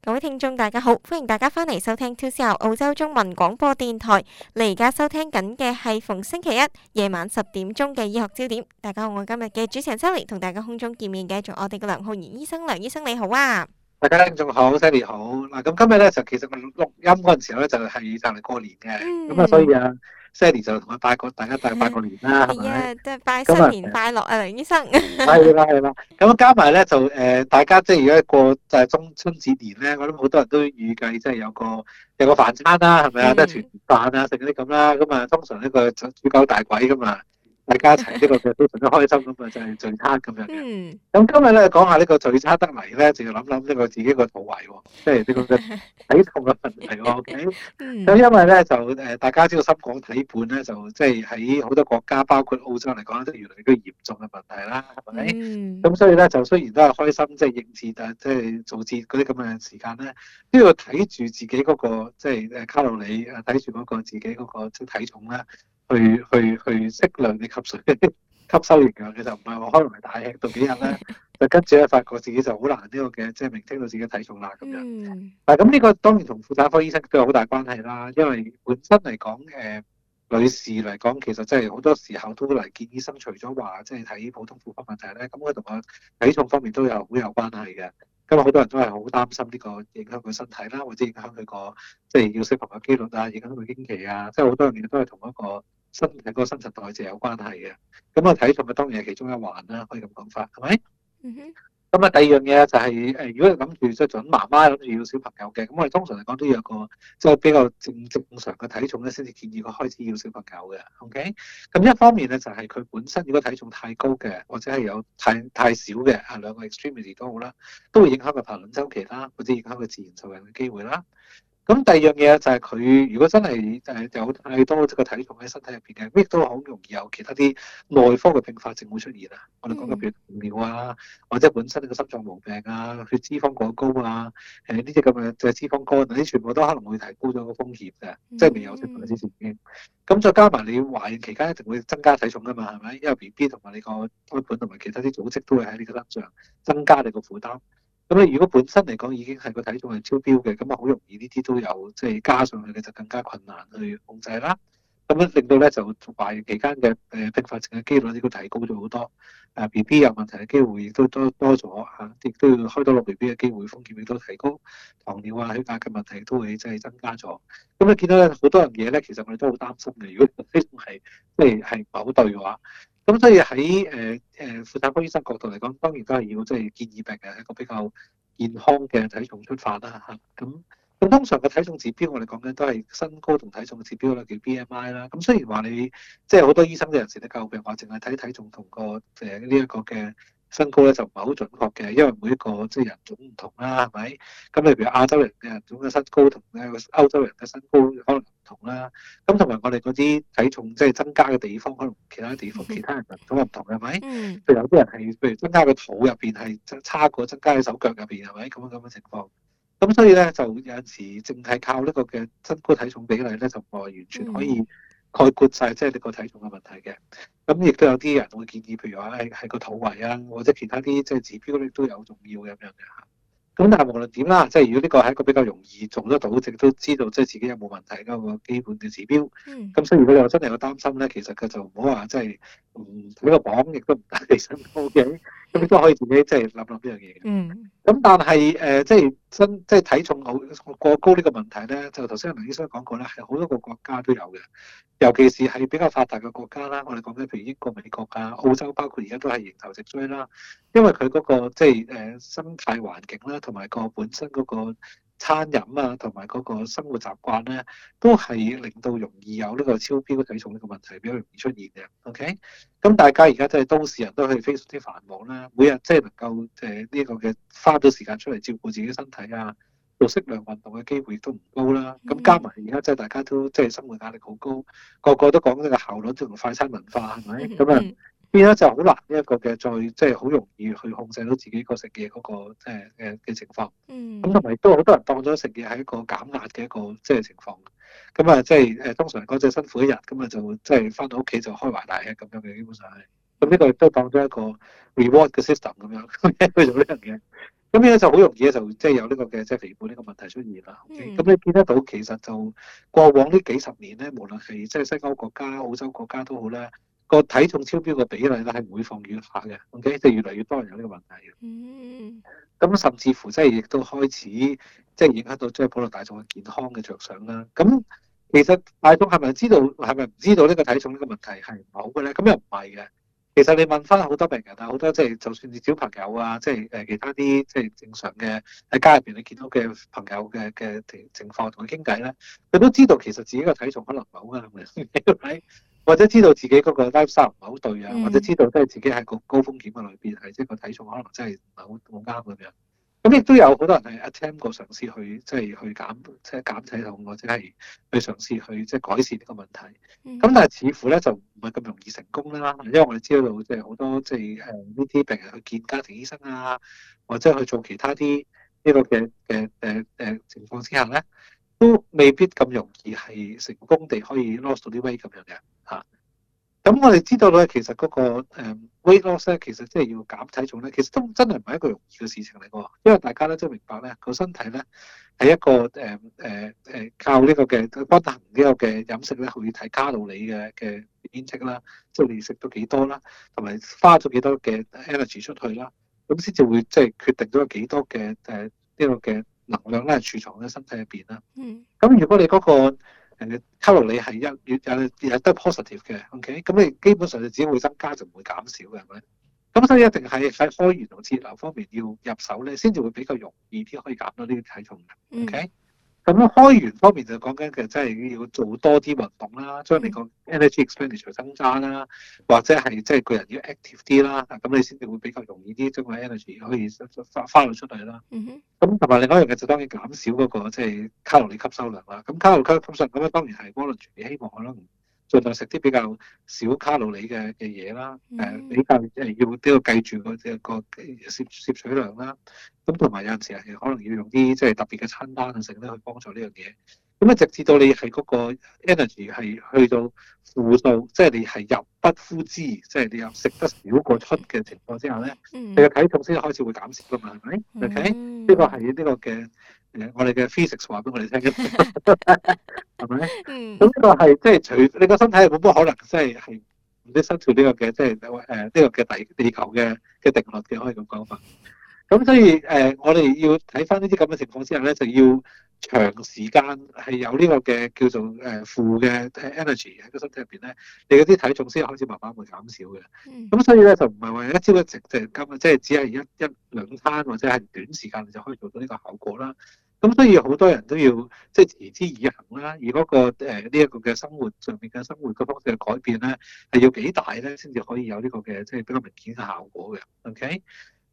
各位聽眾大家好，歡迎大家翻嚟收聽 To C L 澳洲中文廣播電台。你而家收聽緊嘅係逢星期一夜晚十點鐘嘅醫學焦點。大家好，我今日嘅主持人 Sally 同大家空中見面，繼續我哋嘅梁浩然醫生，梁醫生你好啊！大家聽眾好，Sally 好。嗱咁今日咧就其實我錄音嗰陣時咧就係趁嚟過年嘅，咁啊所以啊。Sandy 就同佢拜個，大家拜拜個年啦，係咪吧？哎係、yeah, 拜新年，快樂麼啊，梁醫生。係 啦，係啦，咁加埋咧就誒、呃，大家即係如果過誒中春節年咧，我諗好多人都預計即係有個有個飯餐啦，係咪啊？即係團圓飯啊，食嗰啲咁啦。咁啊、mm hmm.，通常呢個就煮九大簋噶嘛。大家一齊呢、呢個嘅都開心咁啊，就係聚餐咁樣。咁、嗯、今日咧講下個聚餐，呢個聚餐得嚟咧，就要諗諗呢個自己個肚圍喎，即係呢個體重嘅問題喎。OK，咁、嗯、因為咧就誒大家知道心廣體胖咧，就即係喺好多國家包括澳洲嚟講都原來一個嚴重嘅問題啦，係咪？咁、嗯、所以咧就雖然都係開心即係應節，但即係做節嗰啲咁嘅時間咧都要睇住自己嗰、嗰個即係誒卡路里啊，睇住嗰個自己嗰個即係體重啦。去去去，適量嘅吸水、 吸收營養，其實唔係話可能係大吃到幾日咧， 就跟住咧發覺自己就好難呢、這個嘅，即、就、係、是、明清到自己嘅體重啦咁樣。嗯、但咁呢個當然同婦產科醫生都有好大關係啦，因為本身嚟講，誒、呃、女士嚟講，其實真係好多時候都會嚟見醫生，除咗話即係睇普通婦科問題咧，咁佢同個體重方面都有好有關係嘅。今日好多人都係好擔心呢個影響佢身體啦，或者影響佢個即係要受孕嘅機率啊，影響佢經期啊，即係好多人都係同一個身體個新陳代謝有關係嘅，咁、嗯、個體重咪當然係其中一環啦，可以咁講法，係咪？咁啊、嗯哼嗯、第二樣嘢就係、是、誒、呃，如果你諗住即係做緊媽媽，諗住要小朋友嘅，咁我哋通常嚟講都要有個即係比較正正常嘅體重咧，先至建議佢開始要小朋友嘅。OK，咁一方面咧就係、是、佢本身如果體重太高嘅，或者係有太太少嘅啊，兩個 extreme 都好啦，都會影響個排卵週期啦，或者影響佢自然受孕嘅機會啦。咁第二樣嘢就係佢，如果真係誒有太多即係體重喺身體入邊嘅，亦都好容易有其他啲內科嘅並發症會出現啊！我哋講嘅譬如糖尿病啊，或者本身你個心臟毛病啊、血脂肪過高啊、誒呢啲咁嘅就係脂肪肝嗱，啲全部都可能會提高咗個風險嘅，mm hmm. 即係未有出產之前已經。咁再加埋你懷孕期間一定會增加體重噶嘛，係咪？因為 B B 同埋你個胎盤同埋其他啲組織都會喺你個身上增加你個負擔。咁如果本身嚟講已經係個體重係超標嘅，咁啊好容易呢啲都有即係、就是、加上去嘅就更加困難去控制啦。咁樣令到咧就懷孕期間嘅誒並發症嘅機率呢個提高咗好多。誒 B B 有問題嘅機會亦都多多咗嚇，亦都要開多個 B B 嘅機會風險亦都提高，糖尿啊、血壓嘅問題都會即係增加咗。咁你見到咧好多樣嘢咧，其實我哋都好擔心嘅。如果呢種係即係係冇對話。咁所以喺誒誒婦產科醫生角度嚟講，當然都係要即係建議病人一個比較健康嘅體重出發啦嚇。咁、啊、咁通常嘅體重指標，我哋講嘅都係身高同體重嘅指標啦，叫 BMI 啦。咁雖然話你即係好多醫生嘅人士都教病，話淨係睇體重同個誒呢一個嘅。身高咧就唔係好準確嘅，因為每一個即係人種唔同啦，係咪？咁你譬如亞洲人嘅人種嘅身高同咧歐洲人嘅身高可能唔同啦。咁同埋我哋嗰啲體重即係增加嘅地方，可能其他地方、其他人種又唔同嘅，係咪？譬如、嗯、有啲人係譬如增加個肚入邊係差過增加嘅手腳入邊係咪咁樣咁樣情況？咁所以咧就有陣時淨係靠呢個嘅身高體重比例咧就唔係完全可以、嗯。概括晒即係你個體重嘅問題嘅，咁亦都有啲人會建議，譬如話係係個肚圍啊，或者其他啲即係指標咧都有重要咁樣嘅嚇。咁但係無論點啦，即係如果呢個係一個比較容易做得到，亦都知道即係自己有冇問題嗰個基本嘅指標。咁、嗯、所以如果你真係有擔心咧，其實佢就唔好話即係唔睇個榜，亦都唔係幾新。Okay 咁你都可以自己即係諗諗呢樣嘢，嗯。咁但係誒，即係身即係體重好過高呢個問題咧，就頭先梁醫生講過咧，係好多個國家都有嘅，尤其是係比較發達嘅國家啦。我哋講緊譬如英國、美國啊、澳洲，包括而家都係迎頭直追啦。因為佢嗰個即係誒生態環境啦，同埋個本身嗰個。餐飲啊，同埋嗰個生活習慣咧，都係令到容易有呢個超標嘅體重呢個問題比較容易出現嘅。OK，咁大家而家都係都市人都係非常之繁忙啦，每日即係能夠即係呢個嘅花咗時間出嚟照顧自己身體啊，做適量運動嘅機會亦都唔高啦。咁加埋而家即係大家都即係、就是、生活壓力好高，個個都講呢個效率同快餐文化係咪咁啊？ 變咗就好難呢一個嘅，再即係好容易去控制到自己食、那個食嘢嗰個即係嘅嘅情況。嗯。咁同埋都好多人當咗食嘢係一個減壓嘅一個即係、就是、情況。咁啊、就是，即係誒通常講隻辛苦一日，咁啊就即係返到屋企就開懷大吃咁嘅，基本上係。咁呢個亦都當咗一個 reward 嘅 system 咁樣去 做呢樣嘢。咁樣就好容易就即係有呢、這個嘅即係肥胖呢個問題出現啦。咁、嗯、你見得到其實就過往呢幾十年咧，無論係即係西歐國家、澳洲國家都好咧。個體重超標嘅比例咧係唔會放軟化嘅，OK？即係越嚟越多人有呢個問題。嗯，咁甚至乎即係亦都開始即係影響到即係普羅大眾嘅健康嘅着想啦。咁其實大眾係咪知道係咪唔知道呢個體重呢個問題係唔好嘅咧？咁又唔係嘅。其實你問翻好多病人啊，好多即係、即係、就算你小朋友啊，即係誒其他啲即係正常嘅喺家入邊你見到嘅朋友嘅嘅情情況同佢傾偈咧，佢都知道其實自己個體重可能唔好㗎，係咪？ 或者知道自己嗰個 life style 唔係好對啊，或者知道即係自己喺個高風險嘅裏邊，係即係個體重可能真係唔係好好啱咁樣。咁亦都有好多人係 attempt 過嘗試去即係、就是、去減，即、就、係、是、減體重，或者係去嘗試去即係改善呢個問題。咁、嗯、但係似乎咧就唔係咁容易成功啦。因為我哋知道即係好多即係誒呢啲病人去見家庭醫生啊，或者去做其他啲呢個嘅嘅誒情況之下咧，都未必咁容易係成功地可以 loss 到啲 weight 咁樣嘅嚇。咁我哋知道咧，其實嗰個 weight loss 咧，其實即係要減體重咧，其實都真係唔係一個容易嘅事情嚟㗎。因為大家咧都明白咧，個身體咧係一個誒誒誒靠個行個呢個嘅均衡呢個嘅飲食咧去睇卡路里嘅嘅編積啦，即係你食到幾多啦，同埋花咗幾多嘅 energy 出去啦，咁先至會即係決定咗有幾多嘅誒呢個嘅。能量咧係儲藏喺身體入邊啦，咁、嗯、如果你嗰個人嘅卡路里係一越又又都係 positive 嘅，OK，咁你基本上你只會增加就唔會減少嘅，係咪？咁所以一定係喺開源同節流方面要入手咧，先至會比較容易啲可以減到呢個體重嘅，OK、嗯。咁開源方面就講緊，其實真係要做多啲運動啦，將你個 energy expenditure 增加啦，或者係即係個人要 active 啲啦，咁你先至會比較容易啲將個 energy 可以發發到出嚟啦。咁同埋另外一樣嘢就當然減少嗰個即係卡路里吸收量啦。咁卡路里吸收咁啊，當然係波輪全希望可能。盡量食啲比較少卡路里嘅嘅嘢啦，誒、嗯、比較誒要都要計住個個攝攝取量啦。咁同埋有陣時係可能要用啲即係特別嘅餐單等等咧去幫助呢樣嘢。咁啊直至到你係嗰個 energy 係去到負數，即、就、係、是、你係入不敷支，即、就、係、是、你又食得少過出嘅情況之下咧，嗯、你嘅體重先開始會減少㗎嘛，係咪、嗯、？OK，呢、嗯、個係呢個嘅。我哋嘅 physics 話俾我哋聽，係 咪吧？咁呢個係即係除你個身體係冇乜可能、就是這個，即係係唔啲收條呢個嘅，即係誒呢個嘅第地球嘅嘅定律嘅，可以咁講法。咁、嗯、所以誒、呃，我哋要睇翻呢啲咁嘅情況之下咧，就要長時間係有呢個嘅叫做誒負嘅 energy 喺個身體入邊咧，你嗰啲體重先開始慢慢會減少嘅。咁、嗯、所以咧就唔係話一朝一夕就咁嘅，即、就、係、是、只係一一,一兩餐或者係短時間就可以做到呢個效果啦。咁所以好多人都要即係持之以恒啦，啊，而嗰個呢一個嘅生活上面嘅生活嘅方式嘅改變咧，啊，係要幾大咧先至可以有呢個嘅即係比較明顯嘅效果嘅，OK？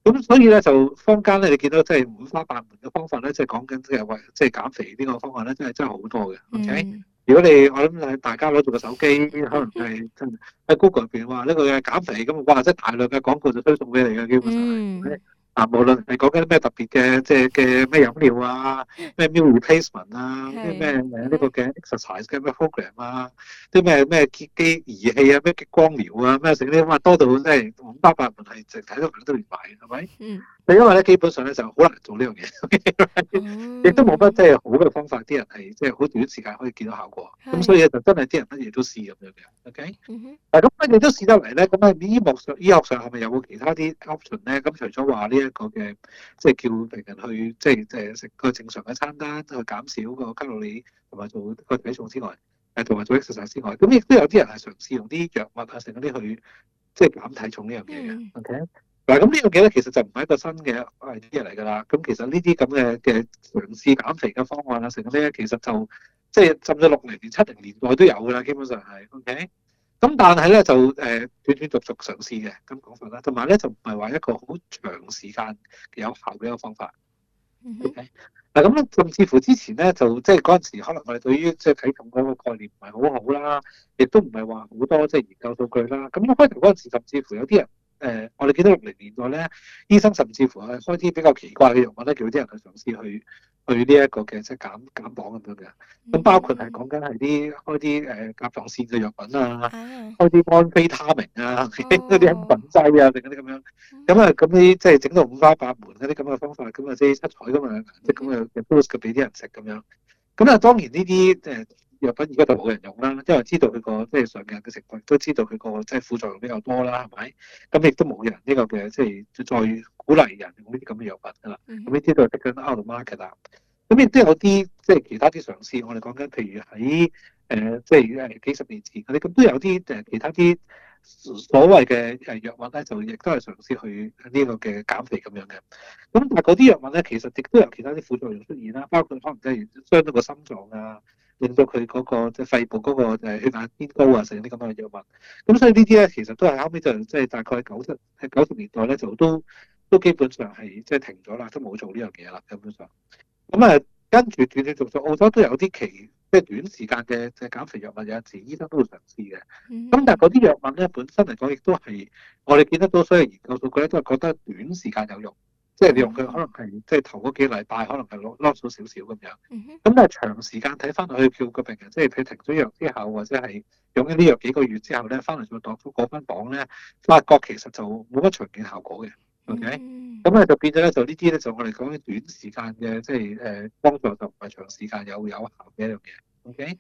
咁所以咧就坊間咧你見到即係五花八門嘅方法咧，即、就、係、是、講緊即係話即係減肥呢個方法咧，就是、真係真係好多嘅，OK？嗯、如果你我諗大家攞住個手機，可能係真係喺 Google 入邊話呢個嘅減肥咁哇，即、就、係、是、大量嘅廣告就推送畀你嘅，基本上係。嗯啊，無論你講緊啲咩特別嘅，即係嘅咩飲料啊，咩 meal replacement 啊，咩咩呢個的嘅 exercise 嘅咩 program 啊，啲咩咩機器儀器啊，咩激光療啊，咩成啲咁啊，多到真係五花八門，係成睇到佢都唔買，係咪？嗯因為咧，基本上咧就好難做呢樣嘢，亦都冇乜即係好嘅方法，啲人係即係好短時間可以見到效果。咁、mm hmm. 所以就真係啲人乜嘢都試咁樣嘅。O K，咁佢哋都試得嚟咧，咁啊醫學上醫學上係咪有冇其他啲 option 咧？咁除咗話呢一個嘅即係叫病人去即係即係食個正常嘅餐單去減少個卡路里同埋做個體重之外，誒同埋做 exercise 之外，咁亦都有啲人係嘗試用啲藥物啊，剩嗰啲去即係、就是、減體重呢樣嘢嘅。O K、mm。Hmm. Okay. 嗱，咁呢個嘅咧，其實就唔係一個新嘅嘢嚟㗎啦。咁其實呢啲咁嘅嘅嘗試減肥嘅方案啊，成咧，其實就即係甚至六零年、七零年代都有㗎啦。基本上係，OK。咁但係咧，就誒斷斷續續嘗試嘅，咁講法啦。同埋咧，就唔係話一個好長時間嘅有效嘅一個方法。嗱、okay? mm，咁、hmm. 咧、嗯嗯，甚至乎之前咧，就即係嗰陣時，可能我哋對於即係體重嗰個概念唔係好好啦，亦都唔係話好多即係研究數據啦。咁一開頭嗰陣時，甚至乎有啲人。誒、呃，我哋記得六零年代咧，醫生甚至乎係開啲比較奇怪嘅藥物，咧，叫啲人去嘗試去去呢、這、一個嘅即係減減磅咁樣嘅。咁、嗯、包括係講緊係啲開啲誒甲狀腺嘅藥品啊，開啲安非他明啊，嗰啲興奮劑啊，定嗰啲咁樣。咁啊，咁啲即係整到五花八門嗰啲咁嘅方法，咁啊即係七彩咁啊即咁啊嘅 push 俾啲人食咁樣。咁啊，當然呢啲誒。呃藥品而家就冇人用啦，因為知道佢個咩上邊嘅成分，都知道佢個即係副作用比較多啦，係咪？咁亦都冇人呢個嘅，即係再鼓勵人用呢啲咁嘅藥品噶啦。咁呢啲就即係 out market 啦。咁亦都有啲即係其他啲嘗試，我哋講緊，譬如喺誒即係幾十年前嗰啲，咁都有啲誒其他啲所謂嘅誒藥物咧，就亦都係嘗試去呢個嘅減肥咁樣嘅。咁但係嗰啲藥物咧，其實亦都有其他啲副作用出現啦，包括可能即係傷到個心臟啊。令到佢嗰個即係肺部嗰個誒血壓偏高啊，食啲咁樣嘅藥物，咁所以呢啲咧其實都係後尾就即係大概九十係九十年代咧就都都基本上係即係停咗啦，都冇做呢樣嘢啦，基本上。咁啊，跟住斷斷續續，澳洲都有啲期即係、就是、短時間嘅即係減肥藥物，有時醫生都會嘗試嘅。咁但係嗰啲藥物咧，本身嚟講亦都係我哋見得多，所以研究數據咧都係覺得短時間有用。即係你用佢，可能係即係頭嗰幾禮拜，可能係攞攞少少咁樣。咁、hmm. 但係長時間睇翻落去叫個病人，即係佢停咗藥之後，或者係用緊啲藥幾個月之後咧，翻嚟再度數改翻榜咧，發覺其實就冇乜長遠效果嘅。O K. 咁咧就變咗咧，就呢啲咧就我哋講嘅短時間嘅，即係誒幫助就唔、是、係、呃、長時間有有效嘅一樣嘢。O、okay? K.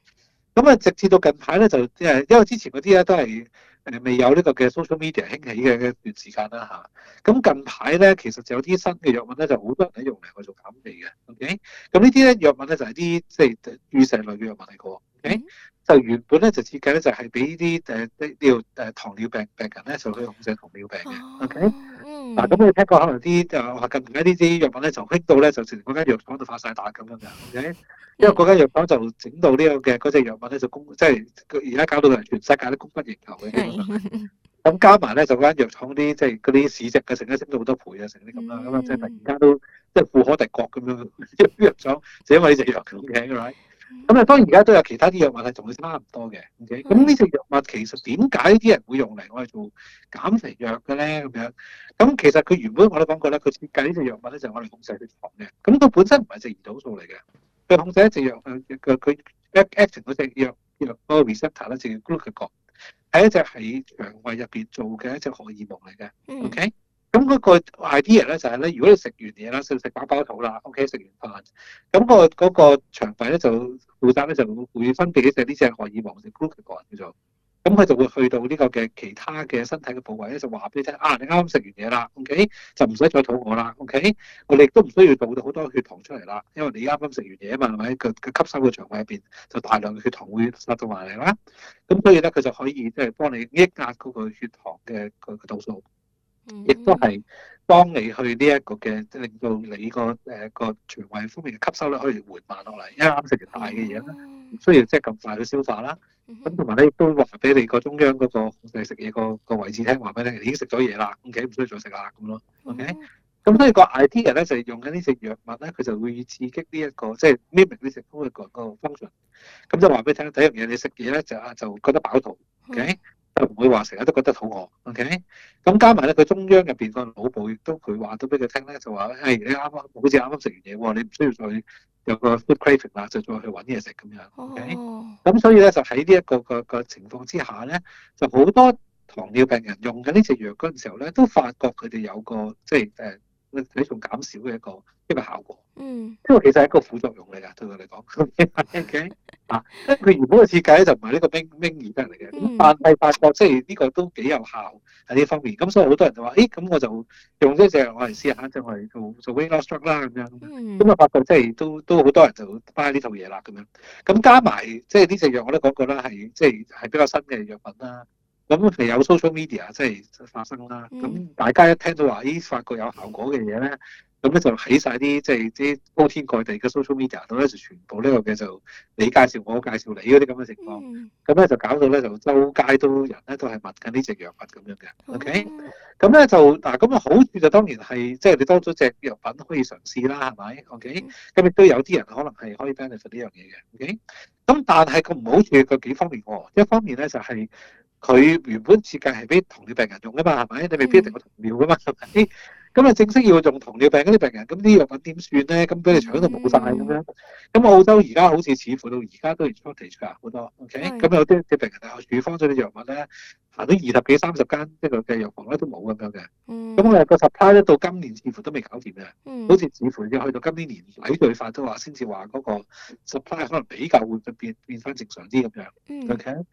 咁啊，直至到近排咧就誒，因為之前嗰啲咧都係誒未有呢個嘅 social media 興起嘅一段時間啦嚇。咁近排咧，其實就有啲新嘅藥物咧，就好多人都用嚟去做減肥嘅。O K. 咁呢啲咧藥物咧就係啲即係預食類嘅藥物嚟㗎。OK. 嗯。就原本咧就設計咧就係俾啲誒啲尿誒糖尿病病人咧，就去控制糖尿病嘅。OK. 哦。哦。嗱，咁、嗯啊、你聽過可能啲、呃、就近年一啲啲藥品咧，就興、嗯 okay? 到咧，就成間藥廠都發晒達咁樣嘅，因為嗰間藥廠就整到呢樣嘅嗰隻藥品咧就供，即係而家搞到人全世界都供不應求嘅咁、嗯嗯、加埋咧就間藥廠啲即係嗰啲市值嘅成日升到好多倍啊，成啲咁啦，咁啊即係突然間都即係、就是、富可敵國咁樣，因為藥廠 就因為呢隻藥嘅，right？咁啊，嗯、當然而家都有其他啲藥物係同佢差唔多嘅，OK？咁呢隻藥物其實點解啲人會用嚟我哋做減肥藥嘅咧？咁樣咁其實佢原本我都講過咧，佢設計呢隻藥物咧就係我哋控制血糖嘅。咁佢本身唔係隻胰島素嚟嘅，佢控制一隻藥佢 acting 嗰隻藥嗰個 receptor 咧就叫 glucagon 係一隻喺腸胃入邊做嘅一隻荷爾蒙嚟嘅，OK？、嗯咁嗰個 idea 咧就係咧，如果你食完嘢啦，食食飽飽肚啦，OK，食完飯，咁、那個嗰、那個腸胃咧就負責咧就，就會分泌呢隻呢隻荷爾蒙叫 glucose 叫做，咁佢就會去到呢個嘅其他嘅身體嘅部位咧，就話俾你聽，啊，你啱啱食完嘢啦，OK，就唔使再肚餓啦，OK，我哋都唔需要倒到好多血糖出嚟啦，因為你啱啱食完嘢啊嘛，係咪？佢佢吸收嘅腸胃入邊就大量嘅血糖會塞到埋嚟啦，咁所以咧佢就可以即係幫你抑壓壓嗰個血糖嘅、那個度數。嗯、亦都係幫你去呢一個嘅，即、就是、令到你、這個誒、呃、個腸胃方面嘅吸收咧可以緩慢落嚟，因為啱食完大嘅嘢啦，唔需要即係咁快去消化啦。咁同埋咧，亦都話俾你個中央嗰、那個控制食嘢個個位置聽，話俾你聽，你已經食咗嘢啦，OK，唔需要再食啦，咁咯，OK。咁所以，嗯哼 okay? 所以個 idea 咧就係、是、用緊呢隻藥物咧，佢就會刺激呢、這、一個即係 limit 呢隻功能個個 function。咁就話俾你聽，第一樣嘢你食嘢咧就啊就覺得飽肚，OK。嗯就唔會話成日都覺得肚餓，OK？咁加埋咧，佢中央入邊個腦部都佢話都俾佢聽咧，就話咧，誒、hey, 你啱啱好似啱啱食完嘢喎，你唔需要再有個 food craving 啦、okay oh.，就再去揾嘢食咁樣，OK？咁所以咧，就喺呢一個個個情況之下咧，就好多糖尿病人用緊呢隻藥嗰陣時候咧，都發覺佢哋有個即係誒。呃佢體重減少嘅一個一個效果，嗯，因為其實係一個副作用嚟㗎，對我嚟講啊， 因為佢原本嘅設計咧就唔係呢個冰冰而得嚟嘅，咁、嗯、但係發覺即係呢個都幾有效喺呢方面，咁所以好多人就話，誒，咁我就用呢隻我嚟試下，就係、是、做做 e l e c t 啦咁樣，咁啊、嗯、發覺即係、就是、都都好多人就 buy 呢套嘢啦咁樣，咁加埋即係呢隻藥我都講過啦，係即係係比較新嘅藥品啦。咁譬如有 social media 即係發生啦，咁大家一聽到話咦發覺有效果嘅嘢咧，咁咧、嗯、就起晒啲即係啲鋪天蓋地嘅 social media 度咧就全部呢個嘅就你介紹我介紹你嗰啲咁嘅情況，咁咧、嗯、就搞到咧就周街都人咧都係問緊呢隻藥物咁樣嘅，OK？咁咧、嗯、就嗱咁嘅好處就當然係即係你多咗隻藥品可以嘗試啦，係咪？OK？咁亦、嗯、都有啲人可能係可以 benefit 呢樣嘢嘅，OK？咁但係佢唔好處個幾方面喎、哦，一方面咧就係、是。佢原本設計係俾糖尿病人用啊嘛，係咪？你未必一定個糖尿啊嘛，係咪？咁啊正式要用糖尿病嗰啲病人，咁啲藥品點算咧？咁俾你搶到冇晒咁樣，咁澳洲而家好似似乎到而家都係 shortage 㗎，好多。OK，咁的有啲啲病人啊，處方咗啲藥物咧，行到二十幾、三十間即係嘅藥房咧都冇咁樣嘅。嗯。咁啊個 supply 咧到今年似乎都未搞掂啊。嗯。好似似乎要去到今年年底最快都話先至話嗰個 supply 可能比較會變變翻正常啲咁樣。OK。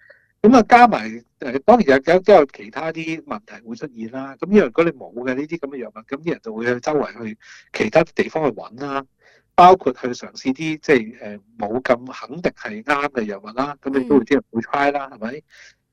咁啊，加埋誒，當然有有都有其他啲問題會出現啦。咁呢樣如果你冇嘅呢啲咁嘅藥物，咁啲人就會去周圍去其他地方去揾啦，包括去嘗試啲即係誒冇咁肯定係啱嘅藥物啦。咁你都會啲人會猜啦，係咪？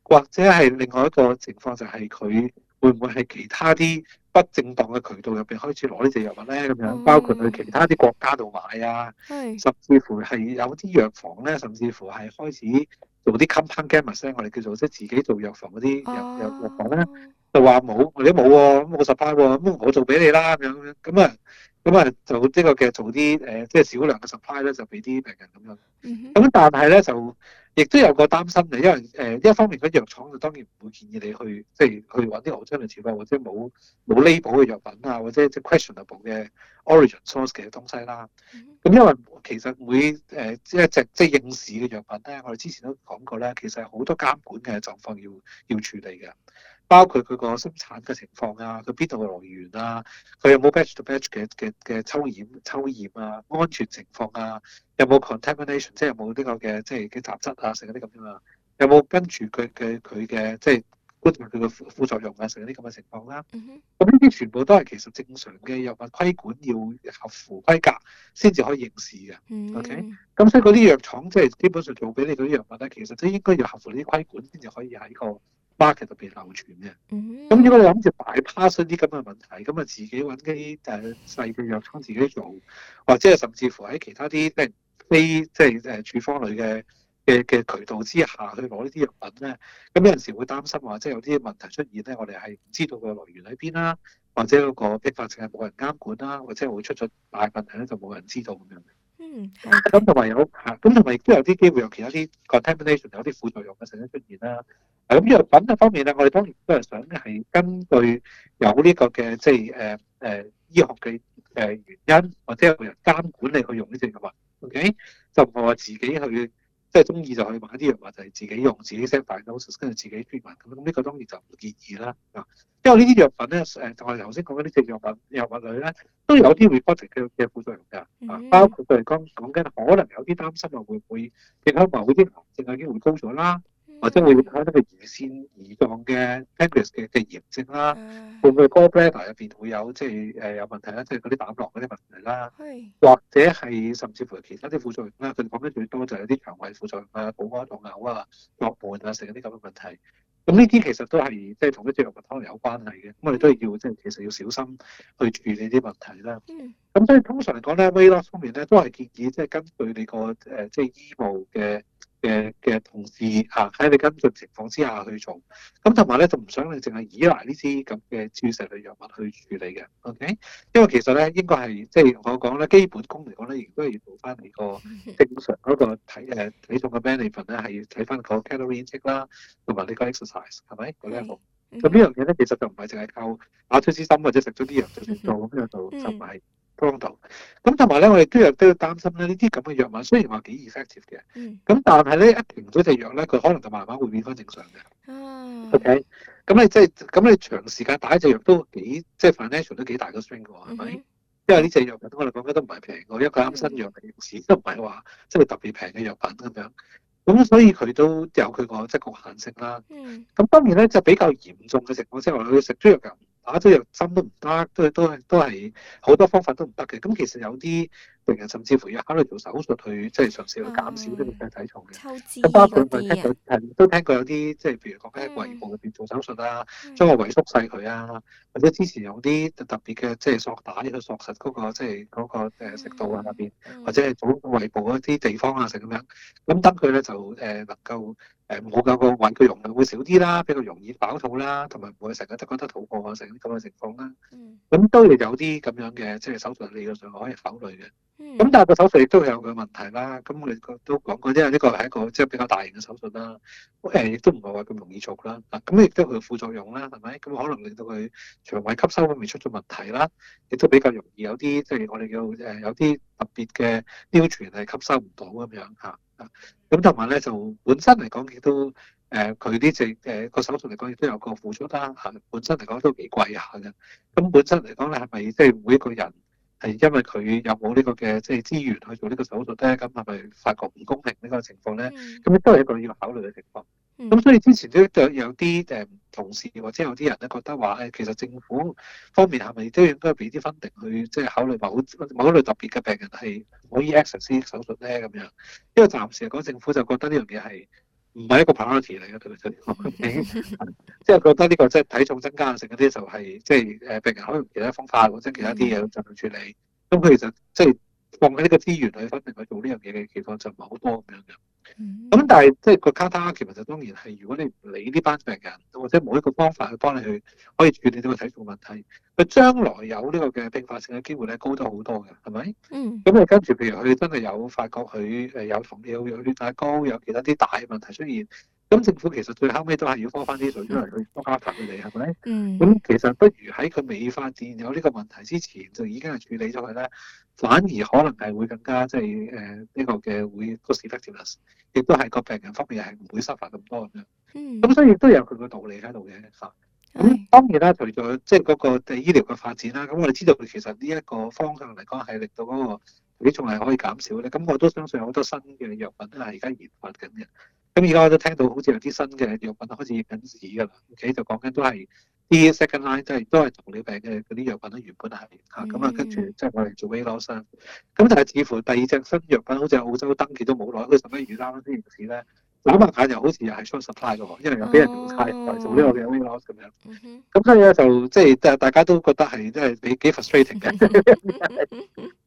或者係另外一個情況就係佢會唔會係其他啲不正當嘅渠道入邊開始攞呢隻藥物咧？咁樣包括去其他啲國家度買啊、嗯，甚至乎係有啲藥房咧，甚至乎係開始。做啲 compound 嘅嘢聲，我哋叫做即係自己做藥房嗰啲藥藥房咧，就話冇，我哋都冇喎，咁冇 supply 喎，咁我做俾你啦咁樣咁啊～咁啊，做呢個嘅做啲誒，即係少量嘅 supply 咧，就俾啲病人咁樣。咁、mm hmm. 但係咧，就亦都有個擔心嘅，因為誒、呃、一方面，嗰藥廠就當然唔會建議你去，即係去揾啲 alternative 或者冇冇 label 嘅藥品啊，或者即係 questionable 嘅 origin source 嘅東西啦。咁、mm hmm. 因為其實每誒一隻即，即應市嘅藥品咧，我哋之前都講過咧，其實好多監管嘅狀況要要處理嘅。包括佢個生產嘅情況啊，佢邊度嘅來源啊，佢有冇 batch to batch 嘅嘅嘅抽驗抽驗啊，安全情況啊，有冇 contamination，即係有冇呢個嘅即係嘅雜質啊，成啲咁樣啊，有冇跟住佢嘅佢嘅即係 good 嘅佢嘅副作用啊，成啲咁嘅情況啦。咁呢啲全部都係其實正常嘅藥物規管要合符規格先至可以認事嘅。Mm hmm. OK，咁所以嗰啲藥廠即係基本上做俾你到啲藥物咧，其實都應該要合符呢啲規管先至可以喺個 market 特別流傳嘅，咁、嗯嗯、如果你諗住擺 pass 咗啲咁嘅問題，咁啊自己揾啲誒細嘅藥廠自己做，或者甚至乎喺其他啲即係呢即係非處方類嘅嘅嘅渠道之下去攞呢啲藥品咧，咁有陣時會擔心話即係有啲問題出現咧，我哋係唔知道佢嘅來源喺邊啦，或者嗰個逼發性冇人監管啦，或者會出咗大問題咧就冇人知道咁樣。嗯，咁同埋有吓，咁同埋都有啲機會有其他啲 contamination 有啲副作用嘅事情出現啦。啊，咁藥品嘅方面咧，我哋當然都係想係根據有呢個嘅即係誒誒醫學嘅誒原因或者有人監管你去用呢隻藥物，OK？就唔係話自己去。即係中意就去買啲藥物，就係、是、自己用，自己 send diagnosis 跟住自己專文咁咁呢個當然就唔建議啦，啊，因為藥呢啲藥品咧，就我頭先講嗰啲四藥品藥物類咧，都有啲 research 嘅副作用㗎，mm hmm. 啊，包括佢哋講緊可能有啲擔心啊，會唔會影響某啲癌症嘅機會高咗啦？或者會睇呢個胰腺、胰臟嘅 pancreas 嘅嘅炎症啦，會唔會 gallbladder 入邊會有即係誒有問題啦，即係嗰啲膽囊嗰啲問題啦，uh, 或者係甚至乎其他啲副作用啦。佢哋講得最多就係啲腸胃副作用啊、寶安洞口啊、落門啊、食嗰啲咁嘅問題。咁呢啲其實都係即係同一隻藥物可能有關係嘅。咁我哋都係要即係、就是、其實要小心去處理啲問題啦。咁所以通常嚟講咧 m e 方面咧都係建議即係、就是、根據你個誒即係醫務嘅。嘅嘅同事嚇喺、啊、你跟進情況之下去做，咁同埋咧就唔想你淨係依賴呢啲咁嘅注射嘅藥物去處理嘅。誒、okay？因為其實咧應該係即係我講咧基本功嚟講咧，亦都係要做翻你個正常嗰個體誒重嘅 management 咧，係要睇翻個 calorie intake 啦，同埋 Okay. 呢個 exercise 係咪個 level 咁呢樣嘢咧其實就唔係淨係靠阿托司心，或者食咗啲藥就做咁樣就就唔係。 嗯咁同埋咧，嗯、我哋都有都要擔心咧，呢啲咁嘅藥物雖然話幾 effective 嘅，咁、嗯、但係咧一停咗隻藥咧，佢可能就慢慢會變返正常嘅。OK，咁你即係咁你長時間打一隻藥都幾，即、就、係、是、financial 都幾大嗯、個 strain 㗎喎，係咪？因為呢隻藥,藥品我哋講嘅都唔係平㗎，一個啱新藥嘅市，都唔係話即係特別平嘅藥品咁樣。咁所以佢都有佢個即係侷限性啦。咁、嗯、當然咧，就是、比較嚴重嘅情況之下，佢食啲藥。打咗藥針都唔得，都係都係都係好多方法都唔得嘅。咁其實有啲。甚至乎要考慮做手術去，即係嘗試去減少啲嘅體重嘅。包括我人聽過係都聽過有啲，即係譬如講喺胃部入邊做手術啊，將個胃縮細佢啊，或者之前有啲特別嘅，即係索打或者縮實嗰個，即係嗰個食道啊入邊， 或者係左胃部嗰啲地方啊，成咁樣。咁等佢咧就誒能夠誒我個個胃嘅容量會少啲啦，比較容易飽肚啦，同埋唔會成日都覺得肚餓啊，成咁嘅情況啦。咁都係有啲咁樣嘅， 即係手術理論上可以考慮嘅。咁、嗯、但係個手術亦都有佢問題啦，咁我哋都講過，因為呢個係一個即係比較大型嘅手術啦，誒亦都唔係話咁容易做啦，啊咁亦都有佢嘅副作用啦，係咪？咁可能令到佢腸胃吸收方面出咗問題啦，亦都比較容易有啲即係我哋叫誒有啲特別嘅標傳係吸收唔到咁樣嚇，咁同埋咧就本身嚟講亦都誒佢呢隻誒個手術嚟講亦都有個付出啦嚇，本身嚟講都幾貴下嘅，咁本身嚟講咧係咪即係每一個人？係因為佢有冇呢個嘅即係資源去做呢個手術咧？咁係咪發覺唔公平呢個情況咧？咁、mm. 都係一個要考慮嘅情況。咁、mm. 所以之前都有啲誒同事或者有啲人咧覺得話誒、哎，其實政府方面係咪都要應俾啲分 u 去即係考慮某某一類特別嘅病人係可以 access 手術咧？咁樣因為暫時嚟講，政府就覺得呢樣嘢係唔係一個 priority 嚟嘅，佢即係覺得呢個即係體重增加性嗰啲就係即係誒病人可能其他方法或者其他啲嘢咁要進行處理。咁佢其實即係放喺呢個資源去分配去做呢樣嘢嘅情況就唔係好多咁樣嘅。咁、嗯、但係即係個卡 a r 其實當然係，如果你唔理呢班病人，或者冇一個方法去幫你去可以處理呢個體重問題，佢將來有呢個嘅併發性嘅機會咧高咗好多嘅，係咪？嗯，咁啊跟住譬如佢真係有發覺佢誒有有有血壓高，有其他啲大嘅問題出現。咁政府其實最後尾都係要幫翻啲水出嚟去幫下翻佢哋，係咪？咁、嗯、其實不如喺佢未發現有呢個問題之前，就已經係處理咗佢咧，反而可能係會更加即係誒呢個嘅會 cost-effective 亦都係個病人方面係唔會 suffer 咁多咁樣。咁所以亦都有佢個道理喺度嘅咁誒，嗯、當然啦，除咗即係嗰個誒醫療嘅發展啦，咁我哋知道佢其實呢一個方向嚟講係令到嗰、嗰個佢仲係可以減少咧。咁我都相信好多新嘅藥品都係而家研發緊嘅。咁而家我都聽到好似有啲新嘅藥品開始緊止㗎啦，OK 就講緊都係啲 second line 即係都係糖尿病嘅嗰啲藥品咧，原本係嚇。咁啊、嗯、跟住即係我哋做 relax 咁，但係似乎第二隻新藥品好似澳洲登記都冇耐，佢十一月啦呢件事咧。眨下眼又好似又係 short supply 咯，因為又俾人淘汰，就是、做呢個嘅 weight loss 咁樣。咁、mm hmm. 嗯、所以咧就即係，但係大家都覺得係即係幾幾 frustrating 嘅。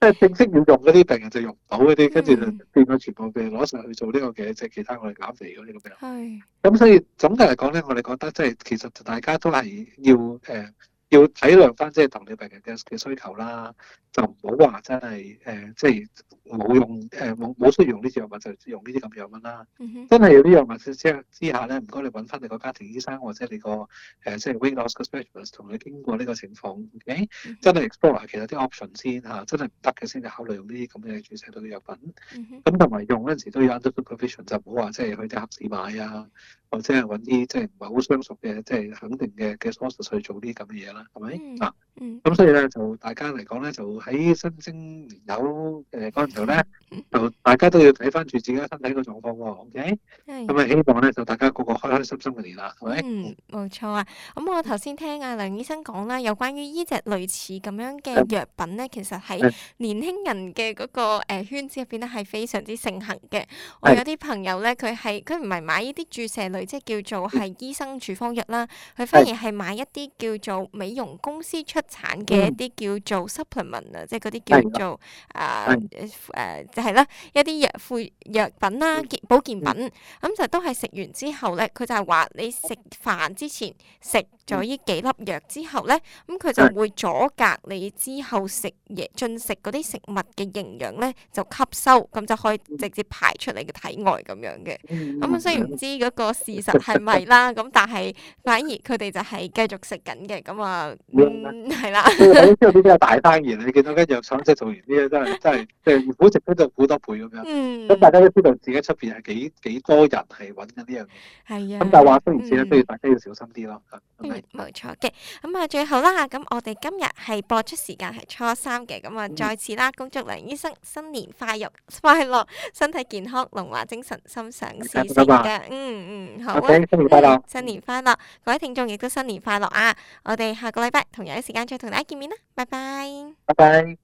即係 正式要用嗰啲，病人就用唔到嗰啲，跟住就變咗全部俾佢攞上去做呢、這個嘅即係其他我哋減肥嗰啲咁樣。咁、mm hmm. 嗯、所以總體嚟講咧，我哋覺得即、就、係、是、其實就大家都係要誒。呃要體諒翻即係糖尿病人嘅嘅需求啦，就唔好話真係誒即係冇用誒冇冇需要用呢啲藥物就是、用呢啲咁藥物啦。Mm hmm. 真係有啲藥物之之下咧，唔該你揾翻你個家庭醫生或者你個誒即係 weight loss specialist 同你經過呢個情況、欸 mm hmm. 真係 explore 下其實啲 option 先吓、啊，真係唔得嘅先至考慮用啲咁嘅注射到嘅藥品。咁同埋用嗰陣時都要 under supervision，就唔好話即係去啲黑市買啊，或者係揾啲即係唔係好相熟嘅即係肯定嘅嘅 source 去做啲咁嘅嘢啦。係咪、嗯、啊？咁所以咧，就大家嚟講咧，就喺新正年頭嘅嗰陣時候咧，嗯、就大家都要睇翻住自己身體個狀況喎、哦。O K，咁啊，希望咧就大家個個開開心心嘅年啦，係咪？嗯，冇錯啊。咁我頭先聽阿梁醫生講啦，有關於呢隻類似咁樣嘅藥品咧，其實喺年輕人嘅嗰個誒圈子入邊咧係非常之盛行嘅。是我有啲朋友咧，佢係佢唔係買呢啲注射類，即係叫做係醫生處方藥啦，佢、嗯、反而係買一啲叫做美。用公司出產嘅一啲叫做 supplement 啊、嗯，即係嗰啲叫做誒誒、嗯呃呃、就係、是、啦，一啲藥副藥品啦健保健品，咁、嗯嗯、就是、都係食完之後咧，佢就係話你食飯之前食咗依幾粒藥之後咧，咁佢就會阻隔你之後食嘢進食嗰啲食物嘅營養咧，就吸收，咁就可以直接排出你嘅體外咁樣嘅。咁啊，雖然唔知嗰個事實係咪啦，咁但係反而佢哋就係繼續食緊嘅，咁啊，係、嗯、啦。所以呢啲都大生意，你見到間藥廠即係做完呢啲真係真係即係月苦食都做苦多倍咁樣。咁、 嗯、大家都知道自己出邊係幾幾多人係揾緊呢樣。係啊。咁但係話雖如此咧，都要大家要小心啲咯。嗯冇錯嘅，咁啊、嗯嗯、最後啦，咁我哋今日係播出時間係初三嘅，咁啊再次啦，恭祝梁醫生新年快樂、快樂、身體健康、龍馬精神、心想事成嘅，嗯嗯好 okay, 新年快樂，新年快樂，嗯、各位聽眾亦都新年快樂啊！我哋下個禮拜同樣嘅時間再同大家見面啦，拜拜，拜拜。